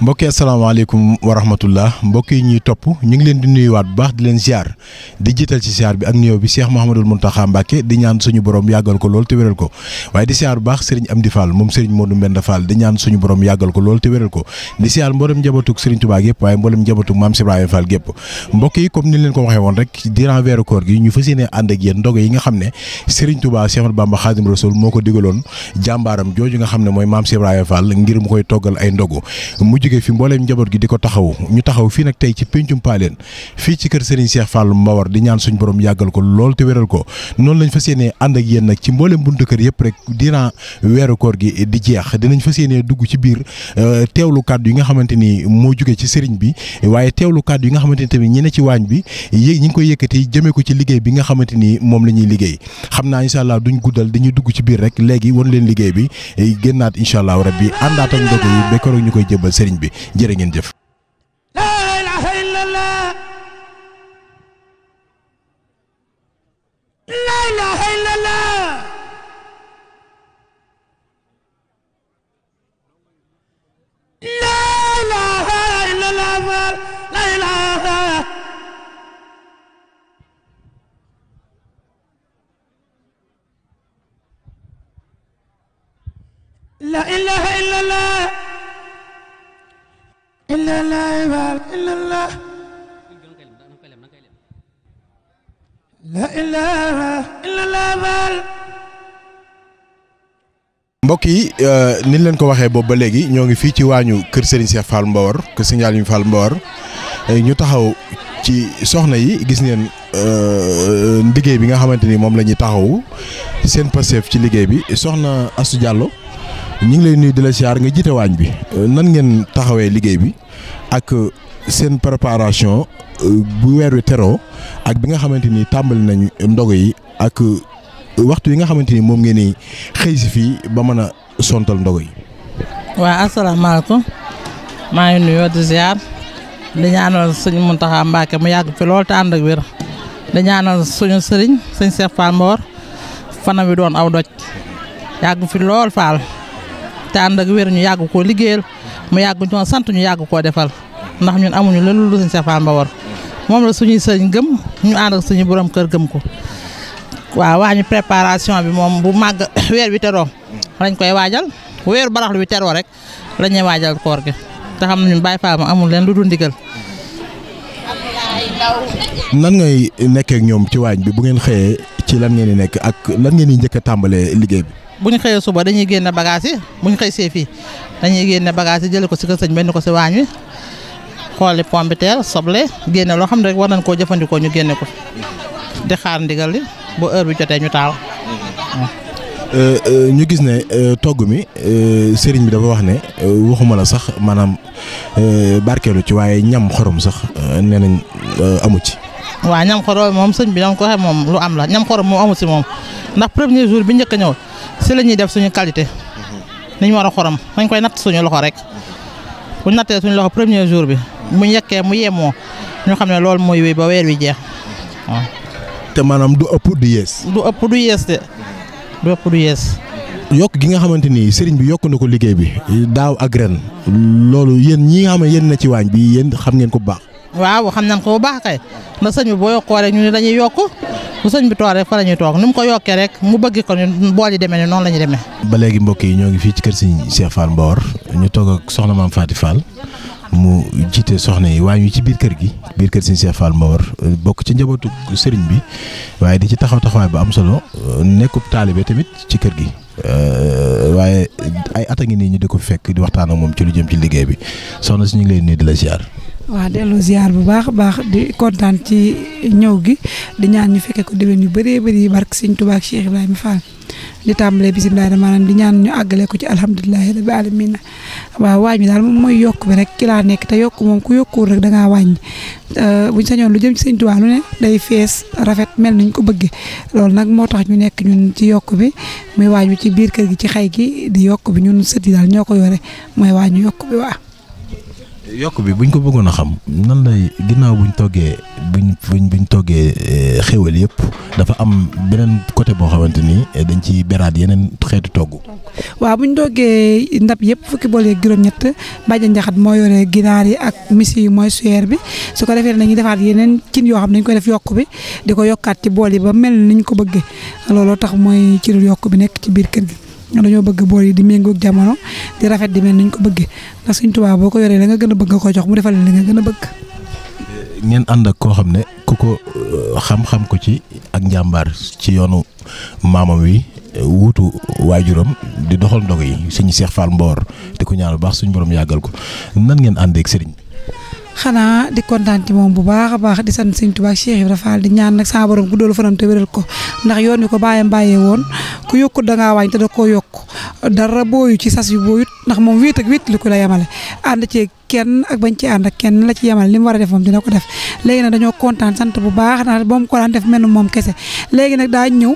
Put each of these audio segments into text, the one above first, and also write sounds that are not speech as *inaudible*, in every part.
mbokki asalaamaaleykum wa rahmatullah mbokk yi ñuy topp ñu ngi leen di nuyuwaat bu baax di leen ziar di jiital ci ziar bi ak nuyoo bi Cheikh Mouhamadul Mountakha Mbacké di ñaan suñu borom yàggal ko lool te wéral ko waaye di ziar bu baax Serigne Amdi Fall moom Serigne Modou Mbenda Fall di ñaan suñu borom yàggal ko lool te wéral ko di ziar mboolem njabootug Serigne Touba gépp waaye mboolem njabootug Maam Ibrahima Fall gépp mbokk yi comme ni leen waxee woon rek durant weeru koor gi ñu fas yéene ne Serigne Touba Cheikh Ahmadou Bamba moo ko digaloon jàmbaaram jooju nga xam ne mooy Maam Ibrahima Fall ngir mu koy toggal ay ndogo jógee fi mbooleem njaboot gi di ko taxaw ñu taxaw fii nag tey ci péncum paaleen fii ci kër Serigne Cheikh Fall Mbawar di ñaan suñ borom yàggal ko lool te wéral ko noonu lañ fas yéenee ànd ak yéen nag ci mbooleem buntu kër yëpp rek dinaa weeru koor gi di jeex dinañ fas yéenee dugg ci biir euh, teewlu kàddu yi nga xamante ni moo jógee ci sëriñ bi waaye teewlu kàddu yi nga xamante ni tamit ñi ne ci waañ bi yéeg ñi ngi koy yëkkati jëmee ko ci liggéey bi nga xamante ni moom la ñuy liggéey xam naa incha allah duñ guddal dañuy dugg ci biir rek léegi won bi génnaat incha allah rabbi àndaat ak sëriñ bi jërë ngeen jëf. laa ilaaha illallah laa ilaaha illallah laa ilaaha illallah laa ilaaha laa ilaaha illallah illallah illallah la ilaha mbokk yi euh, ni leen ko waxee boobu ba léegi ñoo ngi fii ci waañu kër Serigne Cheikh Fall Mbawar kër Serigne Aliou Fall Mbawar ñu taxaw ci soxna yi gis ngeen euh, liggéey bi nga xamante ni moom lañuy ñuy taxaw seen passeef ci liggéey bi soxna Astou Diallo ñu ngi lay nuyu di la nga jiite waañ bi euh, nan ngeen taxawee liggéey bi ak euh, seen préparation euh, bu weer wi teroo ak bi nga xamante ni tàmbali nañu ndogo yi ak waxtu yi nga xamante ni moom ngeen ni xëy si fii ba mën a sontal ndogo yi. waaw asalaamaaleykum maa ngi nuyoo di ziar di ñaanal suñu Muntaxa Mbàkke mu yàgg fi lool te ànd ak wér di ñaanal suñu sëriñ suñu Seex Fall Mboor fana doon aw doj yàgg fi lool Fall. te ànd ak wér ñu yàgg koo liggéeyal mu yàgg ñu sant ñu yàgg koo defal ndax ñun amuñu loolu lu sëñ Cheikh Bamba war moom la suñuy sëñ gëm ñu ànd ak suñu borom kër gëm ko waaw wax ñu préparation bi moom bu màgg *coughs* weer wi teroo lañ koy waajal weeru baraxlu wi teroo rek la ñuy waajal koor gi te xam nañu Baye Fall amul leen lu dul ndigal nan ngay nekkeek ñoom ci waañ bi bu ngeen xëyee ci lan ngeen di nekk ak lan ngeen di njëkk a tàmbalee liggéey bi. bu ñu xëyee suba dañuy génne bagage yi bu ñu xëy see fii dañuy génne bagage yi jëlee ko si kër sëñ benn ko si waañ wi xooli pomme de soble génne loo xam ne rek war nañ koo jëfandikoo ñu génne ko di xaar ndigal li ba heure bi jotee ñu taal. Euh, euh, ñu gis ne euh, togg mi sëriñ bi dafa wax ne waxuma la sax maanaam barkeelu ci waaye ñam xorom sax nee nañ amu ci. waa ñam xorom moom sëñ bi da ko waxee moom lu am la ñam xorom moom amu si moom ndax première jour bi njëkk a ñëw. si la ñuy def suñu qualité. Mhm. ni ñu war a xorom nañ koy natt suñu loxo rek bu ñu nattee suñu loxo premier jour bi mu yekkee mu yemoo ñu xam ne loolu mooy wéy ba weer wi jeex te maanaam du ëpp du yees. du ëpp du yees de yokk gi nga xamante ni sëriñ bi yokk na ko liggéey bi daaw ak ren loolu yéen ñi nga xam ne yéen na ci waañ bi yéen xam ngeen ko bu baax. waaw xam nañ ko bu baax kay na sëñ bi boo yokkoo rek ñu ne dañuy yokk bu sëñ bi toog rek fa la ñuy toog ni mu ko yokkee rek mu bëgg ko ñun bool yi demee ne noonu la deme ba léegi mbokk yi ñoo ngi fii ci kër sëñ Cheikh Fall Mbawar ñu toog ak soxna maam Faty Fall mu jiite soxna yi waaye ñu ci biir kër gi biir kër sëñ Cheikh Fall Mbawar bokk ci njabootu sëriñ bi waaye di ci taxaw taxawaay bu am solo nekkub taalibe tamit ci kër gi. Euh, waaye ay at a ngi nii ñu di ko fekk di waxtaan ak moom ci lu jëm ci liggéey bi soxna si ñu leen nii di la ziar. waaw dellu ziar bu baax a baax di kontaan ci ñëw gi di ñaan ñu fekkee ko déwén yu bëree bëri barke sëñ Tuubaa ak Cheikh Ibrahima Fall di tàmbalee bisimilah maanaam di ñaan ñu àggale ko ci alhamdulilahi rabbi alamina waaw wàññi daal moom mooy yokk bi rek ki laa nekk te yokk moom ku yokkuwul rek da ngaa wàññi euh, buñ sañoon lu jëm ci sëñ Tuubaa lu ne day fees rafet mel nañ ko bëggee loolu nag moo tax ñu nekk ñun ci yokk bi muy waañu ci biir kër gi ci xay gi di yokk bi ñun sët yi daal ñoo ko yore mooy waañu yokk bi waaw yokk bi buñ ko bëggoon a xam nan lay ginnaaw buñ toggee buñ buñ buñ toggee eh, xéwal yëpp dafa am beneen côté boo xamante ni eh, dañ ci beraat yeneen xeetu togg. waaw buñ toggee ndab yëpp fukki bool yeeg juróom-ñett bàjjen njaxat moo yore ginaar yi ak misi yi mooy suyeer bi su ko defee dañuy defaat yeneen cin yoo xam ne dañ koy def yokk bi di ko yokkaat ci bool yi ba mel ni ñu ko bëggee looloo tax mooy ci yokk bi nekk ci biir kër gi. dañoo bëgg bool yi di méngoog jamono di rafet di mel ni ñu ko bëggee ndax Sëñ Tuubaa boo ko yoree la nga gën a bëgg koo jox mu defal li nga gën a bëgg. ngeen ànd ak koo xam ne ku ko euh, xam-xam ko ci ak njàmbaar ci yoonu maamam wi wuutu waajuram di doxal ndog yi suñu Cheikh Fall Mboor di ko ñaanal baax suñu borom yàggal ko nan ngeen ànd ak sëriñ bi xanaa di kontaan ci moom bu baax a baax di sant sëñ Tuubaa Cheikh Ibra Fall di ñaan nag sa borom guddalu fanam te ko ndax yoon wi ko bàyyam bàyyee woon ku yokku danga ngaa wàññi te da koo yokk dara booyu ci sas yu booyut ndax moom wéet ak wéet li ko la yemale ànd kenn ak bañ ci ànd ak kenn la ci yemal li mu war a def dina ko def léegi na dañoo kontaan sant bu baax ndax ba mu ko daan def mel ni moom kese léegi nag daa ñëw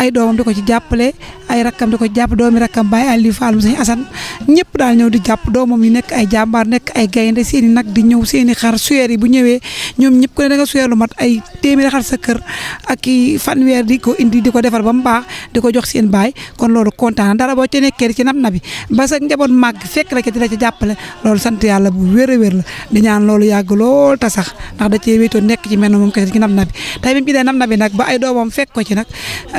ay doomam di ko ci jàppale ay rakkam di ko ci jàpp doomi rakkam Baye Aliou Fall Sëñ Assane ñëpp daal ñëw di jàpp doomam yi nekk ay jàmbaar nekk ay gaynde seen i nag di ñëw seen i xar suyeer yi bu ñëwee ñoom ñëpp ku ne da nga lu mat ay téeméeri xar sa kër ak fanweer di ko indi di ko defar ba mu baax di ko jox seen baay kon loolu kontaan dara boo ci nekkee ci nab nabi ba sa njaboot màgg fekk la dina ci jàppale loolu sant yàlla yàlla bu wér la di ñaan loolu yàgg lool te sax ndax da cee wéetoo nekk ci men na moom kese ci nab nabi tey bi mu ci dee nab nabi nag ba ay doomam fekk ko ci nag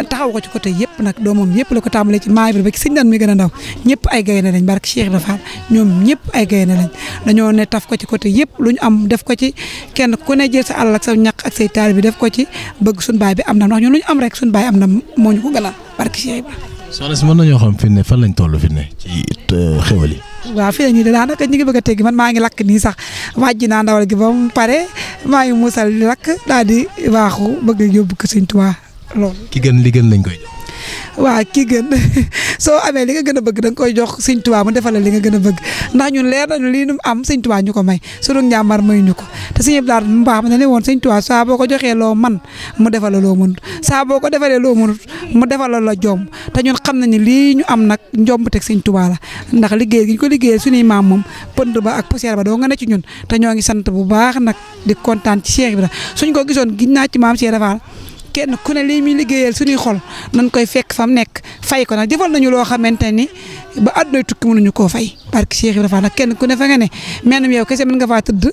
taxaw ko ci côté yëpp nag doomam yëpp la ko tàmbalee ci maay bi ba ci sëñ gën a ndaw ñëpp ay gaynde lañ barke Cheikh Ibra Fall ñoom ñëpp ay gaynde lañ dañoo ne taf ko ci côté yëpp lu ñu am def ko ci kenn ku ne jël sa alal ak sa ñaq ak say taal bi def ko ci bëgg suñu baay bi am na ndax ñun lu ñu am rek suñu baay am na moo ñu ko gënal barke Cheikh Ibra soxna si mën nañoo xam fi ne fan lañ tollu fi ne ci euh, xéwal waaw fii la ñuy daanaka ñu ngi bëgg a teggi man maa ngi lakk nii sax wàjji naa ndawal gi ba mu pare maa ngi muusal lakk daal di waaxu bëgg yóbbu ko Sëñ Tuubaa loolu. ki gën li lañ koy waa ki gën *laughs* soo amee li nga gën a bëgg da nga koy jox sëñ Tuubaa mu li nga gën a bëgg ndax ñun leer nañu lii am sëñ Tuubaa ñu ko may sunu njàmbaar may ñu ko te sëñ Abdou Lahad mu baax ma ne woon sëñ Tuubaa saa boo ko joxee loo man mu defal la loo mënut saa boo ko defalee loo mënut mu defal la la jomb te ñun xam nañu lii ñu am nag njomb teg sëñ la ndax liggéey gi ñu ko liggéeyee suñuy maam moom pënd ba ak poussière ba doo nga ne ci ñun te ñoo ngi sant bu baax nag di kontaan ci Cheikh Ibra suñ ko gisoon giñ naa ci maam Cheikh Ibra kenn ku ne lii muy liggéeyal suñuy xol nañ koy fekk fa mu nekk fay ko nag defal nañu loo xamante ni ba àdduna tukki mënuñu koo fay barke Cheikh Ibrahima nag kenn ku ne fa nga ne maanaam yow kese mën nga faa tëdd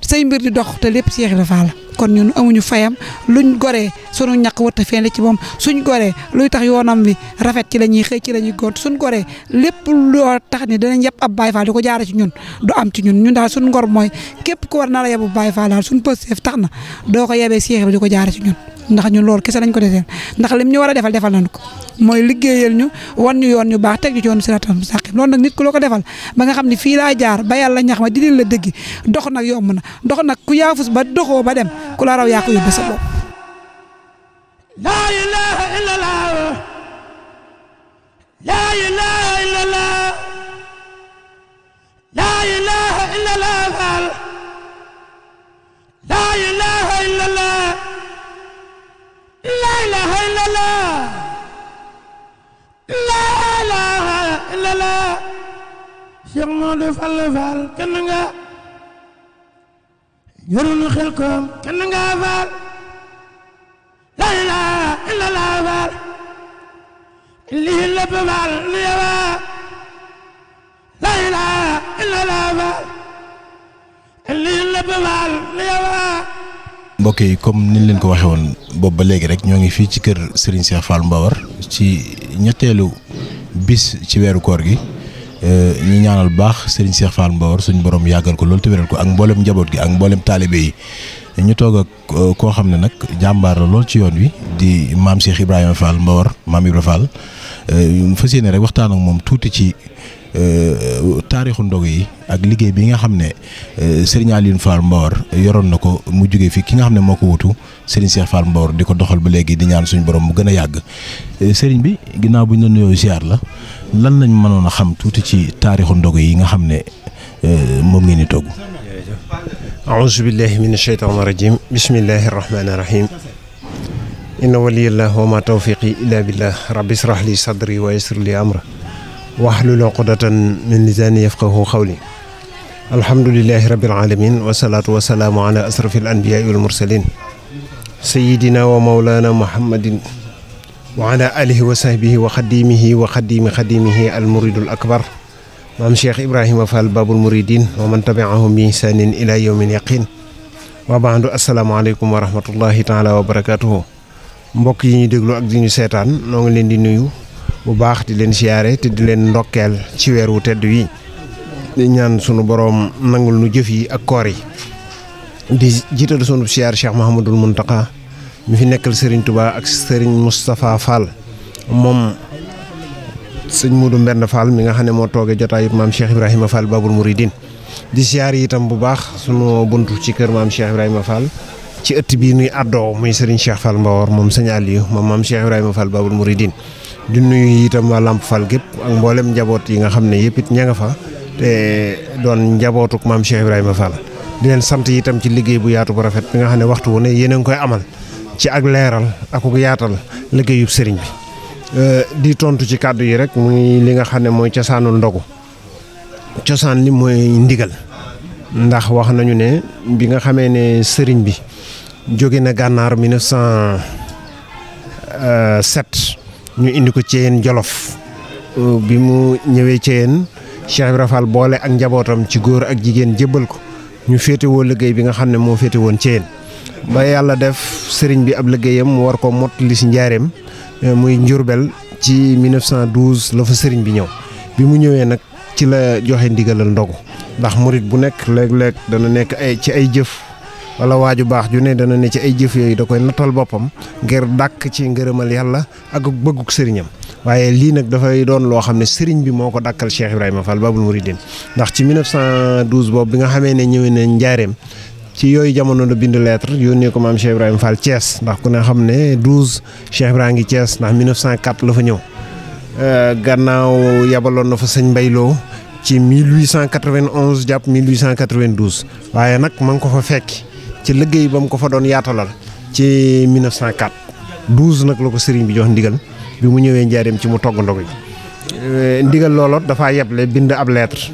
say mbir di dox te lépp Cheikh Ibrahima la kon ñun amuñu fayam luñ goree sunu ñaq wër te feeñ ci moom suñ goree luy tax yoonam bi rafet ci la xëy ci la ñuy gont suñ goree lépp loo tax ni danañ yab a Baay Faal di ko jaara ci ñun du am ci ñun ñun daal suñ ngor mooy képp ku war na la yabu Baay Faal tax na doo ko yebee Seex bi di ko jaara ci ñun ndax ñun loolu kese lañ ko deseel ndax lim ñu war a defal defal nañu ko mooy liggéeyal ñu wan ñu yoon ñu baax teg ñu ci yoonu siraatal mustaqim nag nit ku loo ko defal ba nga xam ne fii laa jaar ba yàlla ñax ma di leen la dëgg dox nag yomb na dox nag ku yaafus ba doxoo ba dem ku la raw yaa ko yóbbu sa Moodu Fall Fall kenn nga yorunu xel koom kenn nga faal la ilaha faal lii lépp faal nu yewaa la yi comme niñ leen ko waxee woon boobu léegi rek ñoo ngi fii ci kër Serigne Cheikh Fall Mbawar ci ñetteelu bis ci weeru koor gi Euh, ñu ñaanal baax Serigne Cheikh Fall Mbaor suñu borom yàggal ko loolu te wéral ko ak mboolem njaboot gi ak mboolem taalibe yi ñu toog ak euh, koo xam ne nag jàmbaar la lool ci yoon wi di maam Cheikh Ibrahima Fall Mbaor maam Ibrahima Fall mu euh, fas yéene rek waxtaan ak moom tuuti ci. Euh, taarixu ndog yi ak liggéey bi nga xam ne euh, Serigne Alioune Fall Mbawar yoroon na ko mu jóge fi ki nga xam ne moo ko wutu Serigne Cheikh Fall Mbawar di ko doxal ba léegi di ñaan suñu borom mu gën a yàgg euh, Serigne bi ginnaaw bu ñu la nuyoo ziar la lan lañ mënoon a xam tuuti ci taarixu ndog yi nga xam ne moom ngeen ni togg. auzu min asheytaan rajim bismillahi rahmaani rahim inna waliyallah wa ma tawfiqi illa billah rabbi israh li sadri wahlul uqdatan min lisaani yafqahu xawli alhamdulilahi rabbil alamin wasalaatu wasalaamu ala asrafi al anbiyaai wal mursalin sayidina wa maulana muhammadin wa ala alihi wa sahbihi wa xadimihi wa xadimi xadimihi al muridul akbar maam cheikh ibrahima fall babul muridin wa man tabiahum bi ihsanin ila yawmin yaqin wa baandu assalaamu aleykum wa rahmatullahi taala wa barakatuhu mbokk yi ñuy déglu ak di ñu seetaan noo ngi leen di nuyu bu baax di leen siyaare te di leen ndokkeel ci weer wu tedd wi di ñaan sunu boroom nangul nu jëf yi ak koor yi di jiital sunu siyaar Cheikh Mahamadul Muntaqa mi fi nekkal sëriñ tubaa ak sëriñ Moustapha Fall moom sëñ Modou Mbend Fall mi nga xam ne moo toogee jotaay maam Cheikh Ibrahima Fall Babul Mouridine di siyaar itam bu baax sunu bunt ci kër maam Cheikh Ibrahima Fall ci ëtt bii nuy àddoo muy sëriñ Cheikh Fall Mbawor moom sëñ Aliou moom maam Cheikh Ibrahima Fall di nuyu itam waa Lamp Fall gépp ak mboolem njaboot yi nga xam ne yëpp it ña nga fa te doon njabootuk maam Cheikh Ibrahima Fall di leen sant itam ci liggéey bu yaatu bu rafet bi nga xam ne waxtu wu ne yéen a ngi koy amal ci ak leeral ak ku yaatal liggéeyub sëriñ bi. Euh, di tontu ci kàddu yi rek muy li nga xam ne mooy cosaanul ndogu cosaan li mooy ndigal ndax wax nañu ne bi nga xamee ne sëriñ bi jóge na gànnaar 1907. ñu indi ko Thièyène Jolof euh, bi mu ñëwee Thièyène Cheikh Ibra Fall boole ak njabootam ci góor ak jigéen jébbal ko ñu féete woo liggéey bi nga xam ne moo féete woon Thièyène ba yàlla def sëriñ bi ab liggéeyam mu war ko mottali si njaareem euh, muy Njurbel ci 1912 la fa sëriñ bi ñëw bi mu ñëwee nag ci la joxe ndigalal ndogu ndax murit bu nekk léeg-léeg dana nekk ay ci ay jëf wala waa ju baax ju ne dana ne ci ay jëf yooyu da koy nattal boppam ngir dàkk ci ngërëmal yàlla ak bëgguk sëriñam waaye lii nag dafay doon loo xam ne sëriñ bi moo ko dàkkal Cheikh Ibrahima Fall Babul Mouridine ndax ci 1912 boobu bi nga xamee ne ñëwee na njaareem ci yooyu jamono la bind lettre yónnee ko maam Cheikh Ibrahima Fall Thiès ndax ku ne xam ne 12 Cheikh Ibrahima ngi Thiès ndax 1904 la fa ñëw euh, gannaaw yebaloon na fa sëñ Mbayloo ci 1891 jàpp 1892 waaye nag ma ngi ko fa fekki. ci liggéey ba mu ko fa doon yaatalal ci 1904 12 nag la ko sëriñ bi jox ndigal bi mu ñëwee njaareem ci mu togg ndog yi euh, ndigal looloo dafa yeble bind ab lettre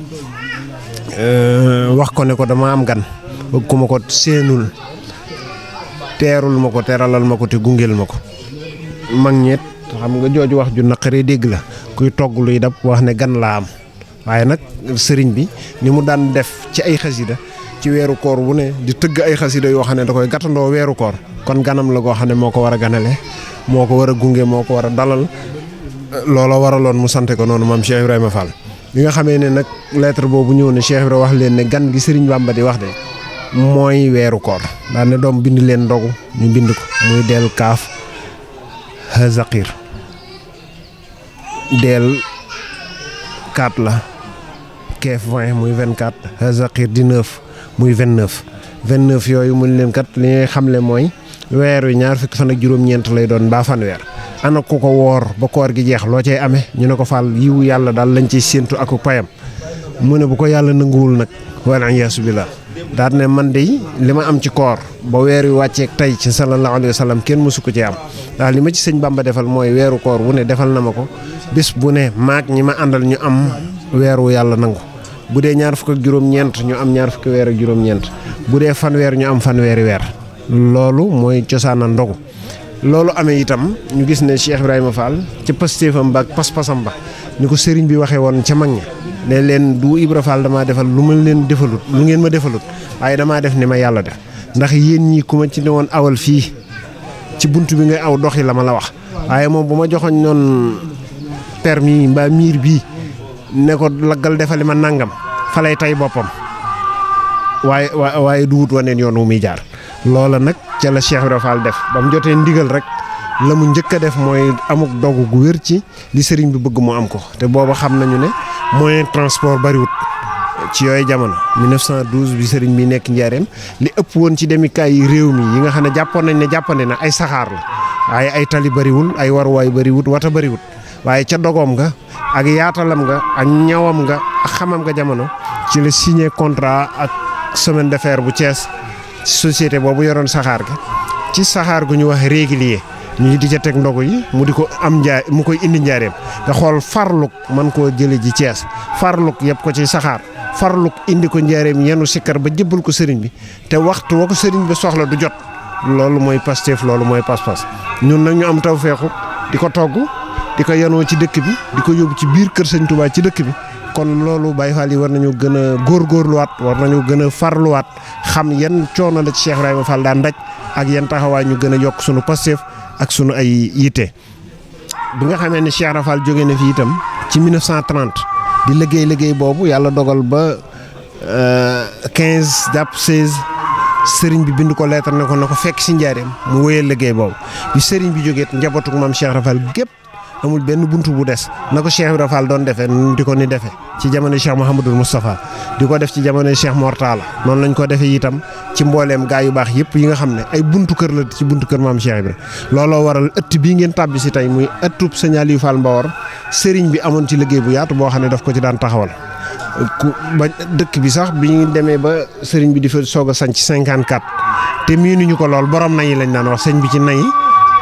euh, wax ko ne ko dama am gan bëgg ku ma ko seenul teerul ma ko teeralal ma ko te gungeel ma ko mag ñett xam nga jooju wax ju naqaree dégg la kuy togg luy dab wax ne gan laa am waaye nag sëriñ bi ni mu daan def ci ay xasida ci weeru koor wu ne di tëgg ay xasida yoo xam ne da koy gàttandoo weeru koor kon ganam la goo xam ne moo ko war a ganale moo ko war a gunge moo ko war a dalal loola waraloon mu sante ko noonu maam Cheikh Ibrahima Fall bi nga xamee ne nag lettre boobu ñëw ne Cheikh Ibrahima wax leen ne gan gi Serigne Bamba di wax de mooy weeru koor daan ne doom bind leen ndogu ñu bind ko muy deel kaaf hazaqir del kaat la keef vingt muy vingt-quatre hazaqir di neuf muy 29. 29 yooyu mu leen kat li ñuy xamle mooy weer wi ñaar fukki fan ak juróom-ñeent lay doon mbaa fanweer ana ku ko woor ba koor gi jeex loo cay amee ñu ne ko faal yiwu yàlla daal lañ ciy séentu ak payam mu ne bu ko yàlla nanguwul nag wala yaasu la daal ne man dey li ma am ci koor ba weer wi wàcceeg tey ci sallallahu alayhi wa sallam kenn mësu ko cee am ndax li ma ci sëñ Bamba defal mooy weeru koor wu ne defal na ma ko bés bu ne maag ñi ma àndal ñu am weeru yàlla nangu. bu dee ñaar fukk ak juróom-ñeent ñu am ñaar fukki weer ak juróom-ñeent bu dee fanweer ñu am fanweeri weer loolu mooy cosaana ndogu loolu amee itam ñu gis ne Cheikh Ibrahima Fall ci pastéefam ba ak pas-pasam ba ni ko sëriñ bi waxee woon ca mag ña ne leen du Ibra Fall damaa defal lu ma leen defalut lu ngeen ma defalut waaye damaa def ni ma yàlla def ndax yéen ñii ku ma ci ne woon awal fii ci bunt bi ngay aw yi la ma la wax waaye moom bu ma joxoon noon bii ne ko laggal defali ma nangam fa lay tay boppam waaye waaye du wut waneen yoon wu muy jaar loola nag ca la Cheikh Ibra Fall def ba jotee ndigal rek la mu njëkk a def mooy amuk dogu gu wér ci li sëriñ bi bëgg mu am ko te booba xam nañu ne moyen transport bariwut ci yooyu jamono 1912 bi sëriñ bi nekk njaareem li ëpp woon ci demikaay yi réew mi yi nga xam ne jàppoon nañ ne jàppandi na ay saxaar la waaye ay tali bariwul ay waruwaay bariwut wata bariwut waaye ak yaatalam nga ak ñawam nga ak xamam nga jamono ci la signé contrat ak semaine de fer bu Thiès société boobu yoroon saxaar gi ci saxaar gu ñu wax régulier ñu di ca teg ndogu yi mu di ko am njaay mu koy indi njaareem nga xool farluk man koo jële ji Thiès farluk yëpp ko ci saxaar farluk indi ko njaareem yenu sikkar ba jébbal ko sëriñ bi te waxtu wa ko sëriñ bi soxla du jot loolu mooy Pastef loolu mooy pas-pas ñun nag ñu am tawfeexu di ko togg di ko yanoo ci dëkk bi di ko yóbbu ci biir kër sëñ Touba ci dëkk bi kon loolu Baye Fall yi war nañu gën a góorgóorluwaat war nañu gën a farluwaat xam yan coono la ci Cheikh Ibrahima Fall daan daj ak yan taxawaay ñu gën a yokk sunu pasteef ak sunu ay yitte. bi nga xamee ne Cheikh Ibrahima jóge na fi itam ci 1930 di liggéey liggéey boobu yàlla dogal ba 15 euh, jàpp 16. seriñ bi bind ko leetar ne ko na ko fekk si njaareem mu wéyal liggéey boobu bi sëriñ bi jógee njabootu maam Cheikh Rafal gépp amul benn buntu bu des na ko Cheikh Ibra Fall doon defee di ko ni defee ci jamono Cheikh Mouhamadul Moustapha di ko def ci jamono Cheikh Mortala noonu lañ ko defee itam ci mbooleem gaa yu baax yëpp yi nga xam ne ay buntu kër la ci buntu kër maam bi Ibra looloo waral ëtt bii ngeen tàbbi si tey muy ëttub Sëñ Aliou Fall Mbawar sëriñ bi amoon ci liggéey bu yaatu boo xam ne daf ko ci daan taxawal. ku ba dëkk bi sax bi ñu demee ba sëriñ bi di fa soog a sañ ci 54 te miinuñu ko lool borom nañi lañ daan sëñ bi ci nañi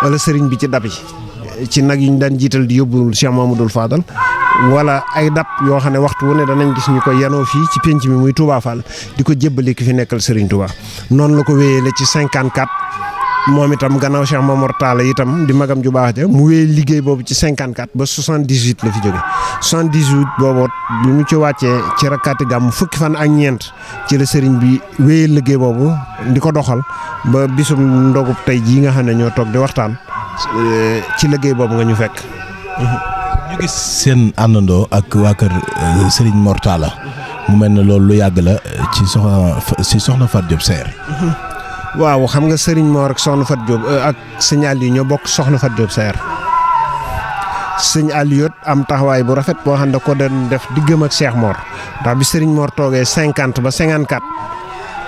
wala sëriñ bi ci dab yi ci nag yi ñu daan jiital di yóbbu Cheikh Mamadou Fadal wala ay dab yoo xam ne waxtu wu ne danañ gis ñu ko yanoo fii ci penc mi muy Touba Fall di ko jébbali ki fi nekkal Serigne Touba noonu la ko wéyale ci 54. moom itam gannaaw Cheikh Momar Talla itam di magam ju baax ja mu wéy liggéey boobu ci 54 ba 78 la fi jóge 78 boobu bi mu ci wàccee ci rakkaati gàmm fukki fan ak ñeent ci la sëriñ bi wéyal liggéey boobu di ko doxal ba bisum ndogub tey jii nga xam ne ñoo toog di waxtaan. Euh, ci liggéey boobu nga ñu fekk. ñu gis seen àndandoo ak waa kër euh, Serigne Mor Talla mu mel ne loolu lu yàgg la euh, ci soxna soxna Fat Diop seer. waaw xam nga Serigne Mor ak soxna Fat Diop ak sëñ àll yi ñoo bokk soxna Fat Diop seer sëñ Aliou am taxawaay bu rafet boo xam ne ko doon def diggam ak Cheikh Mor ndax bi Serigne Mor toogee cinquante ba cinquante quatre.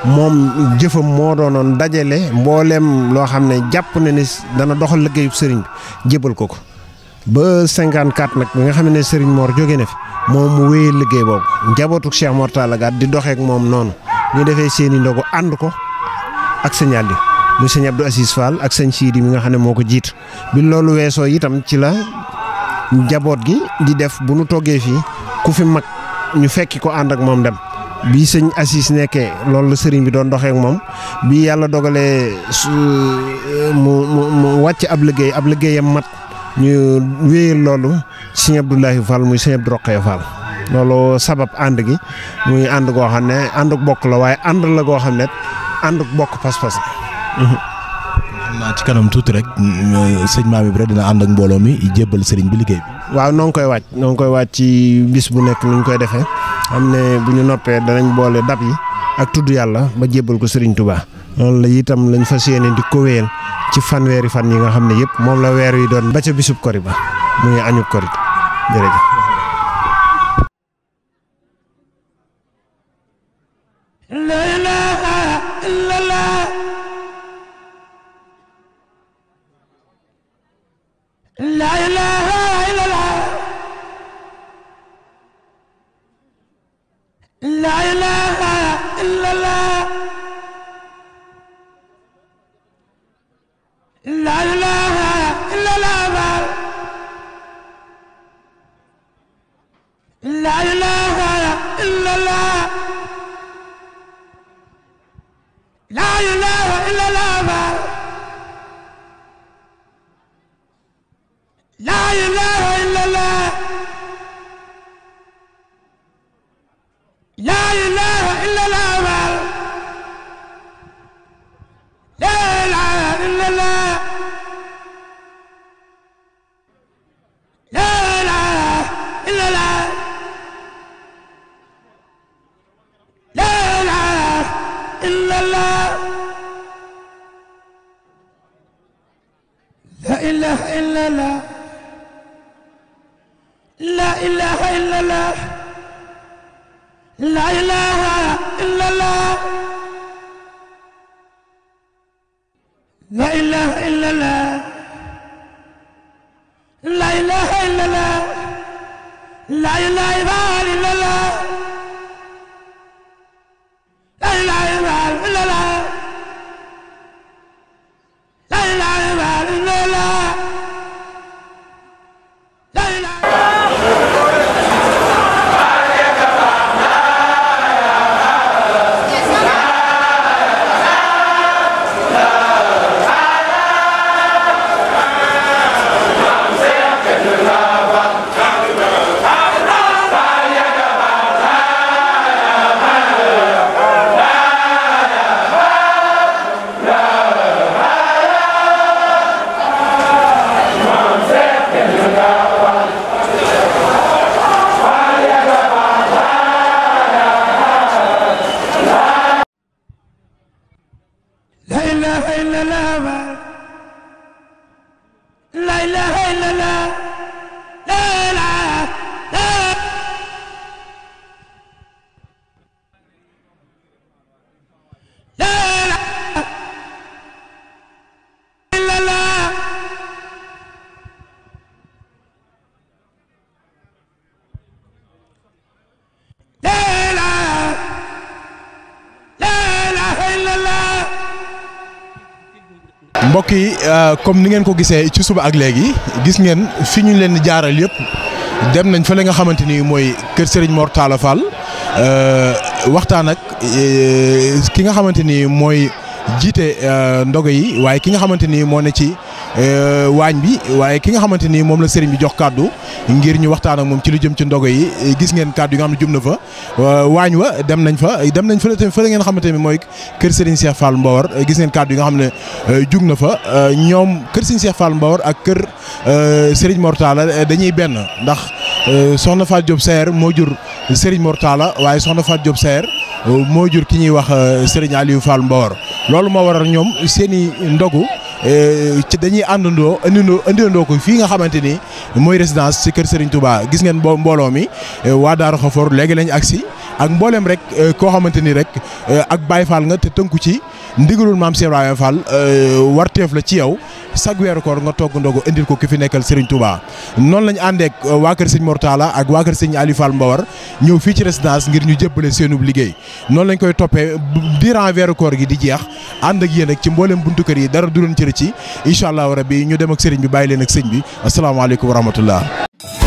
moom jëfam moo doonoon dajale mbooleem loo xam ne jàpp na ni dana doxal liggéeyub sëriñ bi jébal ko ko ba 54 nag bi nga xam ne sëriñ Mor jóge na fi moom mu wéyee liggéey boobu njabootu Cheikh Mor Talla di doxeek moom noonu ñu defee seen i ndogu ànd ko ak sëñ Aliou muy sëñ Abdou Assis Fall ak sëñ Sidi mi nga xam ne moo ko jiitu bi loolu weesoo itam ci la njaboot gi di def bu nu toggee fii ku fi mag ñu fekki ko ànd ak moom dem. bi sëñ Assis nekkee loolu la sëriñ bi doon doxeek moom bi yàlla dogalee su mu mu mu wàcc ab liggéey ab liggéeyam mat ñu wéyal loolu sëñ Abdoulahi Fall muy sëñ Abdou Rokhaya Fall loolu sabab ànd gi muy ànd goo xam ne ànd bokk la waaye ànd la goo xam ne ànd bokk pas-pas mhm. naa ci kanam tuuti rek sëñ maam Ibra dina ànd ak mbooloo mi jébbal sëriñ bi liggéey bi. waaw noo koy waaj noo ngi koy waaj bis bu nekk nu ñu koy defee. am ne bu ñu noppee danañ boole dab yi ak tudd yàlla ba jébbal ko Serigne Touba loolu la itam lañ fas yéene di ko ci fanweeri fan yi nga xam ne yépp moom la weer wi doon ba ca bisub kori ba muy añub kori la mbokk yi euh, comme ni ngeen ko gisee ci suba ak léegi gis ngeen fi ñu leen jaaral yëpp dem nañ fa la nga xamante ni mooy kër Serigne Mor Talla Fall euh, waxtaan ak euh, ki nga xamante ni mooy jiite ndogo yi waaye ki nga xamante ni moo ne ci. Euh, waañ bi waaye ki nga xamante ni moom la sëriñ bi jox kàddu ngir ñu waxtaan ak moom ci lu jëm ci ndogo yi euh, gis ngeen kàddu yi nga xam ne jëm na fa euh, waañ wa dem nañ fa dem nañ fa tamit ngeen xamante ni mooy kër sëriñ Cheikh Fall Mbawar gis ngeen kàddu yi nga xam ne jug na fa ñoom kër sëriñ Cheikh Fall Mbawar ak kër sëriñ Mortala dañuy benn ndax soxna Faat Diop Saer moo jur sëriñ Mortala waaye soxna Faat Diop Saer moo jur ki ñuy wax sëriñ Aliou Fall Mbawar loolu moo waral ñoom seen i ndogu Eh, ci dañuy àndandoo andindoo andindoo ko fii nga xamante ni mooy résidence ci kër Serigne Touba gis ngeen bo mbooloo mi eh, waa Daaru Xafoor léegi lañ agsi ak mbooleem rek eh, koo xamante ni rek ak baay Fall nga te tënku ci ndigalul maam Cheikh Ibrahima Fall warteef la ci yow sag weeru koor nga togg ndogu indil ko ki fi nekkal Serigne Touba noonu lañ àndeek waa kër Serigne Mortala ak waa kër Serigne Aliou Fall Mbawar ñëw fii ci résidence ngir ñu jëbbale seenub liggéey noonu lañ koy toppee diiran weeru koor gi di jeex ànd ak yéen ak ci mbooleem buntu kër yi dara du ci bëri ci incha allah rabi ñu dem ak sëriñ bi bàyyi leen ak sëñ bi asalaamaaleykum wa rahmatullah